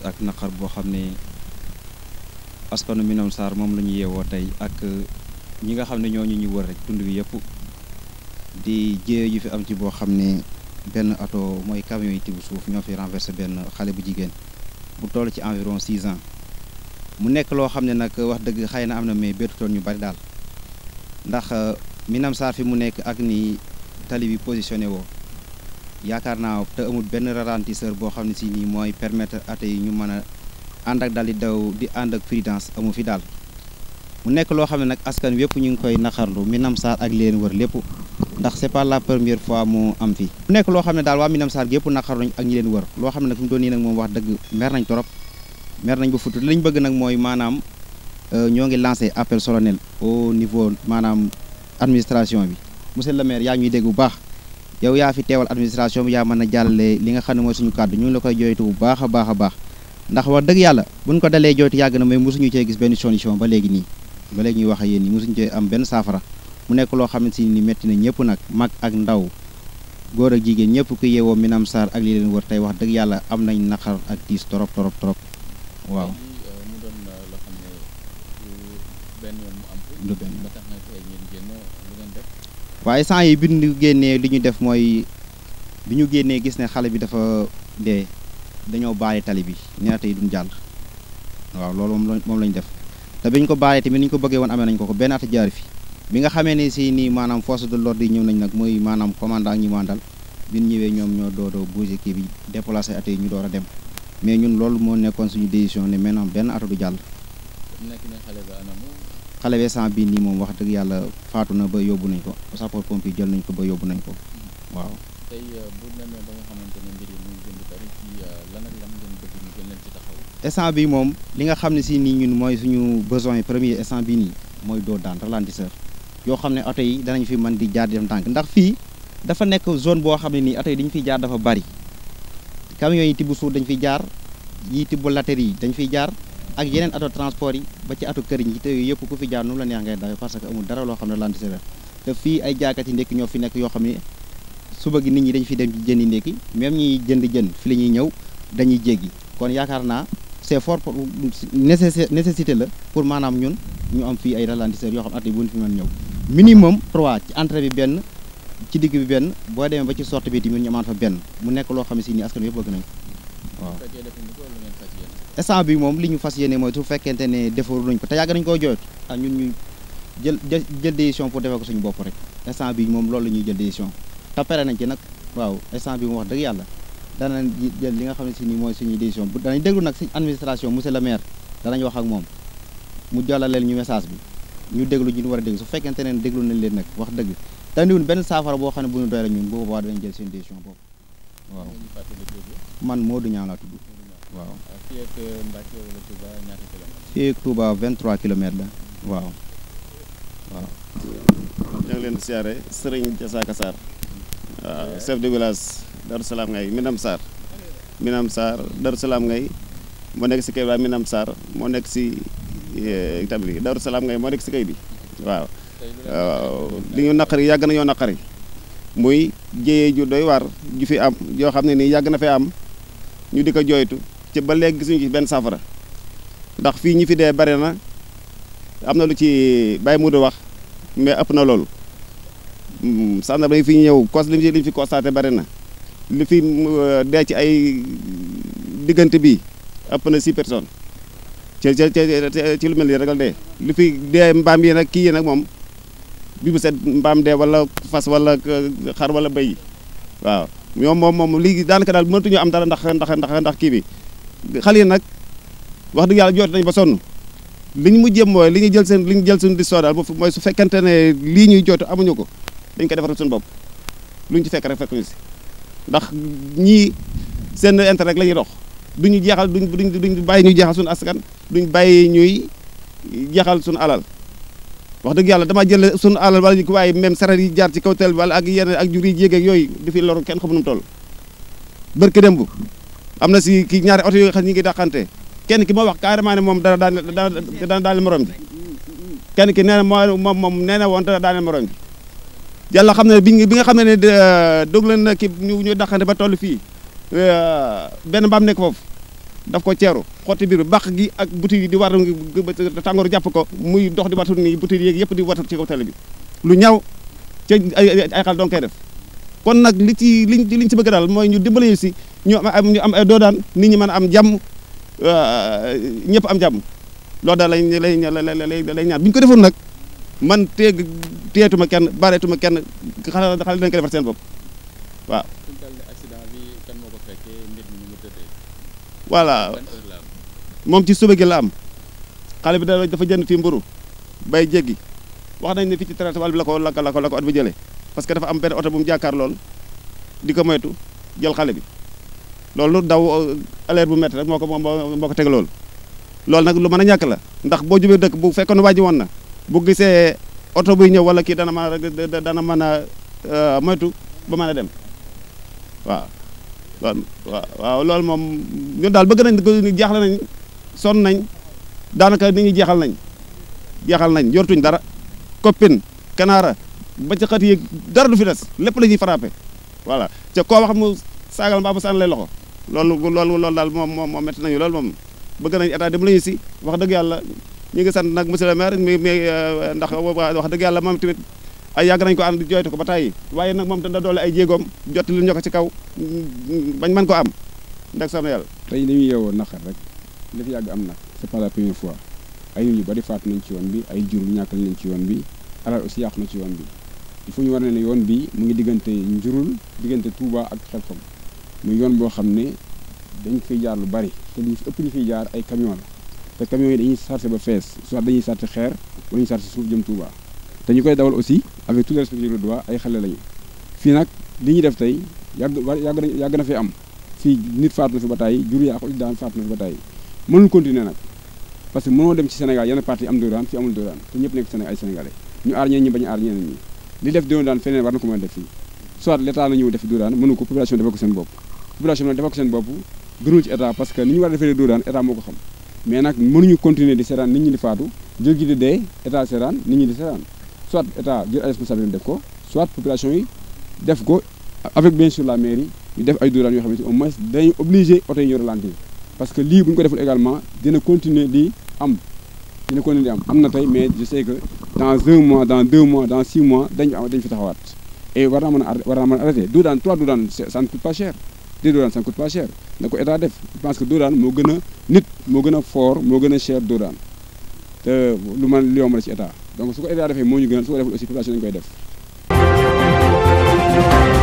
ak naqar boo xam ne askanu Minam Sarr moom la ñu yeewoo tey ak ñi nga xam ne ñooñu ñu wër rek tund bi yëpp di jéye yu fi am ci boo xam ne benn ato mooy camion yi tibu suuf ñoo fi renversé benn xale bu jigéen bu toll ci environ 6 ans mu nekk loo xam ne nag wax dëgg xëy na am na mais bettutoon ñu bari daal ndax Minam Sarr fi mu nekk ak ni tali bi positionné woo yaakaar naa te amul benn ralentisseur boo xam ne si nii mooy permettre ate yi ñu mën a ànd ak daal di daw di ànd ak prudence amu fii daal mu nekk loo xam ne nag askan wépp ñu ngi koy naqarlu Minam Sarr ak leen wër lépp ndax c'est pas la première fois mu am fi mu nekk loo xam ne daal waa Minam Sarr yëpp naqarluñ ak ñi leen wër loo xam ne nag fi mu doon nii nag moom wax dëgg mer nañ torop mer nañ ba futu li ñu bëgg nag mooy maanaam euh, ñoo ngi lancé appel solennel niveau maanaam administration bi monsieur le maire yaa ñuy dégg bu yow yaa fi teewal administration bi yaa mën a jàllale li nga xam ne mooy suñu kàddu ñu ngi la koy jooytu bu baax a baax a baax ndax wax dëgg yàlla buñ ko dalee jooytu yàgg na may mosuñu cee gis benn solution ba léegi nii ba léegi wax ak yéen nii mosuñu cee am benn saafara mu nekk loo xam ne si ni métti na ñëpp nag mag ak ndaw góor ak jigéen ñëpp ku yeewoo Minam Sarr ak li leen wër tey wax dëgg yàlla am nañ naqar ak tiis torop torop torop waaw lu waaye sant yi bi ñu génnee li ñu def mooy bi ñu génnee gis ne xale bi dafa dee dañoo baale tali bi nee yi duñ jàll waaw loolu moom moom lañ def te biñ ko baalee tamit ni ñu ko bëggee woon amee nañ ko ko benn at jaar fi bi nga xamee ne si nii maanaam force de l'ordre yi ñëw nañ nag mooy maanaam commandant ñi mandal bi ñu ñëwee ñoom ñoo doodoo bougé kii bi déplacé at yi ñu door a dem mais ñun loolu moo nekkoon suñu décision ne maintenant benn at du jàll. nekk na xale ba anamu xale bi instant bii nii moom wax dëgg yàlla faatu na ba yóbbu nañ ko sapeur pompier jël nañ ko ba yóbbu nañ ko waaw. tey euh, bu ñu demee xamante ne mbir yi euh, bii moom li nga xam ne si nii ñun mooy suñu besoin premier instant bi nii mooy doo daan ralentisseur yoo xam ne oto yi danañ fi mën di jaar di dem tànk ndax fii dafa nekk zone boo xam ne nii oto yi dañu fiy jaar dafa bari camions yi tibb suuf dañ fiy jaar yi tibb latérines yi dañ fiy jaar. ak yeneen ato transport yi ba ci atu këriñ yi te yooyu yëpp ku fi jaar nu la neex ngay dawee parce que amul dara loo xam ne lanti sévère te fii ay jaakat yi ndékki ñoo fi nekk yoo xam ne suba gi nit ñi dañu fi dem ci jëndi ndékki même ñiy jënd jënd fi la ñuy ñëw dañuy jéggi kon yaakaar naa c'est fort nécessité la pour maanaam ñun ñu am fii ay ralentisseurs yoo xam at yi bu ñu fi mën ñëw minimum 3 ci entrée bi benn ci digg bi benn boo demee ba ci sortie bi tamit ñu amaat fa benn mu nekk loo xam ne si nii askan yëpp nañ waaw instant bi moom li ñu fas yéene mooy su fekkente ne defaru nañ ko te yàgg nañu koo jooytu ah ñun ñu jël jël décision pour defee ko suñu bopp rek instant bi moom loolu la ñuy jël décision te pare nañ ci nag waaw instant bi moom wax dëgg yàlla danañ jël li nga xam ne si ni mooy suñuy décision bu danañ déglu nag si administration monsieur le maire danañ wax ak moom mu jàllaleel ñu message bi ñu déglu ñu war a déglu su fekkente ne déglu nañ leen nag wax dëgg dandiwun benn saafara boo xam ne bu ñu doy la jël seen décision boobu waaw man Modou Niang laa tudd. waaw ah, fii ak euh, Mbacke wala Touba ñaata kilomètres. fii ak Touba la. waaw waaw. ñu leen di siyaare Serigne Diasaka Sarr. waaw ah, chef de village Darou Salaam ngay Minam Sarr. Minam Sarr Darou Salaam ngay moo nekk si kay bi Minam moo nekk si itam eh, Darou Salaam ngay moo nekk si kay bi waaw. waaw li ñu naqari yàgg nañoo naqari. muy jéyee ju doy waar ju fi am yoo xam ne nii yàgg na fee am ñu di ko jooytu ci ba léegi gisuñu ci benn saafara ndax fii ñi fi dee bari na am na lu ci bàyyi mu wax mais ëpp na loolu hmm, sàndarma yi fi ñëw cos li ñu fi constaté bari na li fi euh, dee ci ay diggante bi ëpp na six personnes ci ci ci lu mel ni ragal dee li fi dee mbaam yi nag kii yi nag moom. bi bu set mbaam de wala fas wala xar wala béy waaw ñoom moom moom léegi daanaka daal mënatuñu am dara ndax ndax ndax ndax kii bi xale yi nag wax dëgg yàlla joote nañ ba sonn li ñu mujjee mooy li ñu jël seen li ñu jël suñu histoire daal mooy su fekkente ne lii ñuy joot amuñu ko dañ ko defaral suñu bopp lu ñu ci fekk rek fekkuñu si ndax ñii seen intérêt rek la ñuy dox duñu jeexal duñ duñ bàyyi ñuy jeexal suñu askan duñ bàyyi ñuy jeexal suñu alal wax dëgg yàlla dama jël sunu alal wala ko waaye même sarar yi jaar ci kaw teel wala ak yenn ak jur yi jéeg ak yooyu di fi loru kenn xamu nu mu toll bërki démb am na si ki ñaari oto yoo xam ne ñu ngi dàqante kenn ki ma wax carrément ne moom dana daan dana daane morom ji kenn ki nee na moom moom nee na woon dana daane morom ji yàlla xam ne bi bi nga xam ne ne euh, déglu na ki ñuy ñu dàqante ba toll fii euh, benn mbaam nekk foofu daf ko ceeru xotti biir bàq gi ak buti di war tàngoor jàpp ko muy dox di watul nii buti yeeg yëpp di watul ci kaw tali bi lu ñaw ci ay ay xal doon koy def kon nag li ci liñ liñ ci bëgg daal mooy ñu dimbale si ñu am ñu am ay doodaan nit ñi mën a am jàmm euh, ñëpp am jàmm loolu daal lañ lay lay ñaan bu ñu ko defoon nag man teeg teetuma kenn bareetuma kenn xale xale dañ ko defar seen bopp waaw. voilà moom ci suba gi la am xale bi da dafa jënd fii mburu bay jéggi wax nañ ne fii ci traitement bi la ko la ko la ko at bi jëlee parce que dafa am benn oto bu mu jàkkaar lool di ko moytu jël xale bi loolu daw euh, alerte bu métti rek moo ko moo ko teg loolu loolu nag lu mën a ñàkk la ndax boo jubee dëkk bu fekkoon wàjji woon na bu gisee oto buy ñëw wala kii dana mën a dana mën a euh, moytu ba mën a dem waaw waaw waaw loolu moom ñun daal bëgg nañ ko jaaxle nañ son nañ daanaka nit ñi jeexal nañ jeexal nañ yortuñ dara copine kanaara ba ca xat yi dara du fi des lépp la ñuy frappé voilà ca koo wax mu saagal mbaa mu sànni lay loxo lool loolu loolu daal moom moom moom métti nañu loolu moom bëgg nañ état dimbali ñu si wax dëgg yàlla ñu ngi sant nag monsieur le maire mi mi euh, ndax wax dëgg yàlla moom tamit ay yàgg nañu ko am ànd jooytu ko ba tàyyi waaye nag moom da doole ay jéegoom jotti lu ñu ko ci kaw bañ mën ko am ndax sama yàlla tey li ñu yeewoo naqar rek li fi yàgg am nag c'est pas la fois ay nit ñu bari faatu nañ ci yoon bi ay jur ñàkkal nañ ci yoon bi alal aussi yàqu na ci yoon bi il foo ñu war ne ne yoon bi mu ngi diggante njurul diggante Touba ak Xelkom muy yoon boo xam ne dañ fiy jaar lu bari te li ëpp ñu fiy jaar ay camion la te camion yi dañuy sarse ba fees soit dañuy sarse xeer wala ñu sarse suuf jëm Touba te ñu koy dawal aussi avec tout le respect du droit ay xale lañu fii nag li ñuy def tey yàgg yàgg na fi am fii nit faatu na fi ba tàyyi jur yaa ko daan faatu na fi ba tàyyi mënul continuer nag parce que mënoo dem ci Sénégal yenn parti am dóoraan fii amul dóoraan te ñëpp nekk ay sénégalais ñu aar ñeen ñi bañu aar ñeneen ñi li def dóoraan feneen war na ko mën def fii soit l'état la ñëw def dóoraan mënu ko population defal seen bopp population nag ni ñu war a soit état jël ay responsabilité def ko soit population yi def ko avec bien sûr la mairie ñu def ay dóoraan yoo ne ni au moins dañu obligé oto yi ñu ralentir parce que lii bu ñu ko deful également dina continuer di am dina continuer di am am na tey mais je sais que dans un mois dans deux mois dans six mois dañu am dañu fi taxawaat et war naa mën a war a arrêté dóoraan trois dóoraan ça ne coûte pas cher deux dóoraan ça ne coûte pas cher na ko état def parce que dóoraan moo gën a nit moo gën a fort moo gën a cher dóoraan te lu man li yomb état donc su ko état defee moo ñu gënal su ko deful aussi population dañu koy def